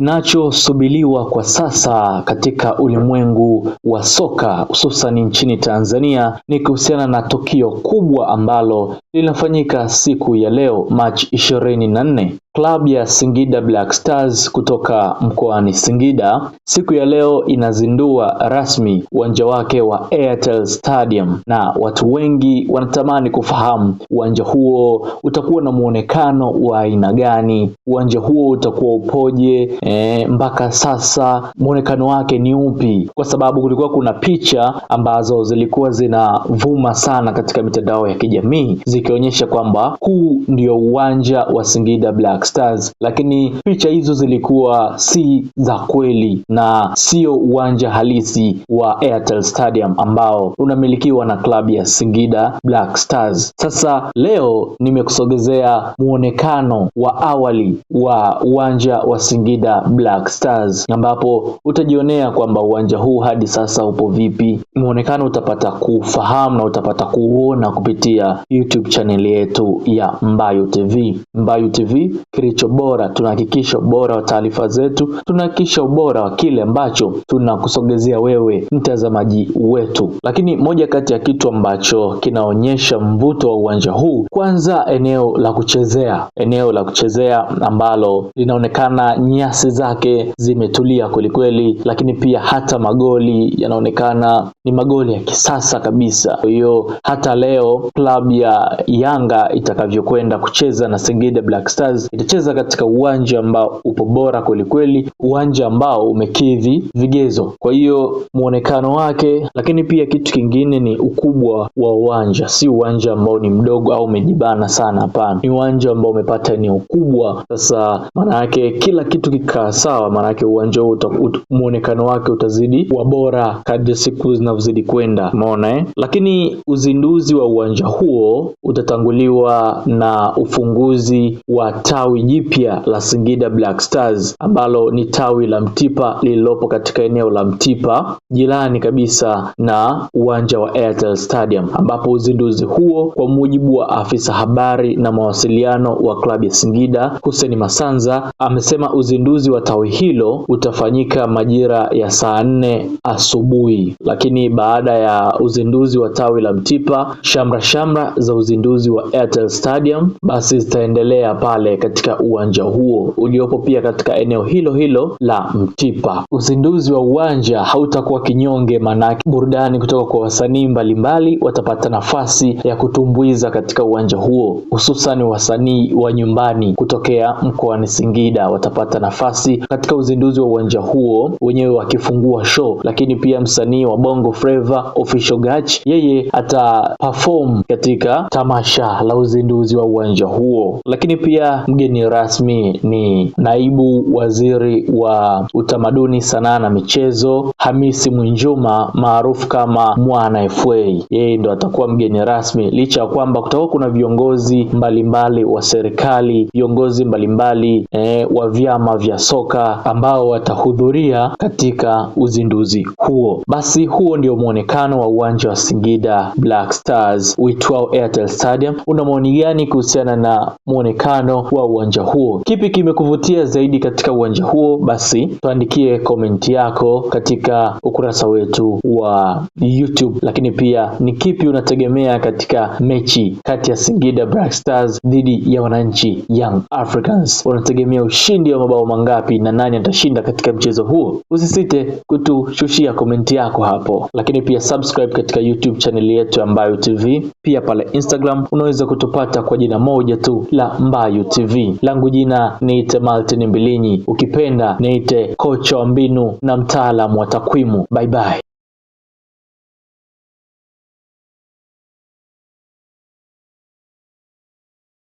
kinachosubiliwa kwa sasa katika ulimwengu wa soka hususani nchini Tanzania ni kuhusiana na tukio kubwa ambalo linafanyika siku ya leo Machi ishirini na nne. Klabu ya Singida Black Stars kutoka mkoani Singida siku ya leo inazindua rasmi uwanja wake wa Airtel Stadium, na watu wengi wanatamani kufahamu uwanja huo utakuwa na muonekano wa aina gani, uwanja huo utakuwa upoje? E, mpaka sasa muonekano wake ni upi? Kwa sababu kulikuwa kuna picha ambazo zilikuwa zinavuma sana katika mitandao ya kijamii ikionyesha kwamba huu ndio uwanja wa Singida Black Stars, lakini picha hizo zilikuwa si za kweli na sio uwanja halisi wa Airtel Stadium ambao unamilikiwa na klabu ya Singida Black Stars. Sasa leo nimekusogezea muonekano wa awali wa uwanja wa Singida Black Stars, ambapo utajionea kwamba uwanja huu hadi sasa upo vipi. Muonekano utapata kufahamu na utapata kuona kupitia YouTube YouTube chaneli yetu ya Mbayu TV. Mbayu TV, kilicho bora, tunahakikisha ubora wa taarifa zetu, tunahakikisha ubora wa kile ambacho tunakusogezea wewe mtazamaji wetu. Lakini moja kati ya kitu ambacho kinaonyesha mvuto wa uwanja huu, kwanza eneo la kuchezea, eneo la kuchezea ambalo linaonekana nyasi zake zimetulia kwelikweli, lakini pia hata magoli yanaonekana ni magoli ya kisasa kabisa. Kwa hiyo hata leo klabu ya Yanga itakavyokwenda kucheza na Singida Black Stars. Itacheza katika uwanja ambao upo bora kwelikweli, uwanja ambao umekidhi vigezo, kwa hiyo muonekano wake, lakini pia kitu kingine ni ukubwa wa uwanja. Si uwanja ambao ni mdogo au umejibana sana, hapana, ni uwanja ambao umepata ni ukubwa. Sasa maana yake kila kitu kikaa sawa, maana yake uwanja huu muonekano wake utazidi wa bora kadri siku zinavyozidi kwenda, umeona eh? Lakini uzinduzi wa uwanja huo utatanguliwa na ufunguzi wa tawi jipya la Singida Black Stars ambalo ni tawi la Mtipa lililopo katika eneo la Mtipa jirani kabisa na uwanja wa Airtel Stadium, ambapo uzinduzi huo kwa mujibu wa afisa habari na mawasiliano wa klabu ya Singida Hussein Masanza amesema uzinduzi wa tawi hilo utafanyika majira ya saa nne asubuhi. Lakini baada ya uzinduzi wa tawi la Mtipa, shamra shamra za uzinduzi uzinduzi wa Airtel Stadium basi zitaendelea pale katika uwanja huo uliopo pia katika eneo hilo hilo la Mtipa. Uzinduzi wa uwanja hautakuwa kinyonge, maanake burudani kutoka kwa wasanii mbalimbali watapata nafasi ya kutumbuiza katika uwanja huo, hususan wasanii wa nyumbani kutokea mkoani Singida watapata nafasi katika uzinduzi wa uwanja huo wenyewe wakifungua show, lakini pia msanii wa Bongo Flava Official Gach yeye ata perform katika tamasha la uzinduzi wa uwanja huo. Lakini pia mgeni rasmi ni naibu waziri wa utamaduni, sanaa na michezo Hamisi Mwinjuma maarufu kama Mwana FA, yeye ndo atakuwa mgeni rasmi, licha ya kwamba kutakuwa kuna viongozi mbalimbali wa serikali, viongozi mbalimbali eh, wa vyama vya soka ambao watahudhuria katika uzinduzi huo. Basi huo ndio mwonekano wa uwanja wa Singida Black Stars uitwao Airtel Stadium, una maoni gani kuhusiana na mwonekano wa uwanja huo? Kipi kimekuvutia zaidi katika uwanja huo? Basi tuandikie komenti yako katika ukurasa wetu wa YouTube, lakini pia ni kipi unategemea katika mechi kati ya Singida Black Stars dhidi ya wananchi Young Africans? Unategemea ushindi wa mabao mangapi na nani atashinda katika mchezo huo? Usisite kutushushia komenti yako hapo, lakini pia subscribe katika YouTube chaneli yetu Ambayo TV, pia pale Instagram Instagram unaweza kutupata kwa jina moja tu la Mbayu TV. Langu jina niite Martin Mbilinyi, ukipenda niite kocha wa mbinu na mtaalamu wa takwimu. Bye bye.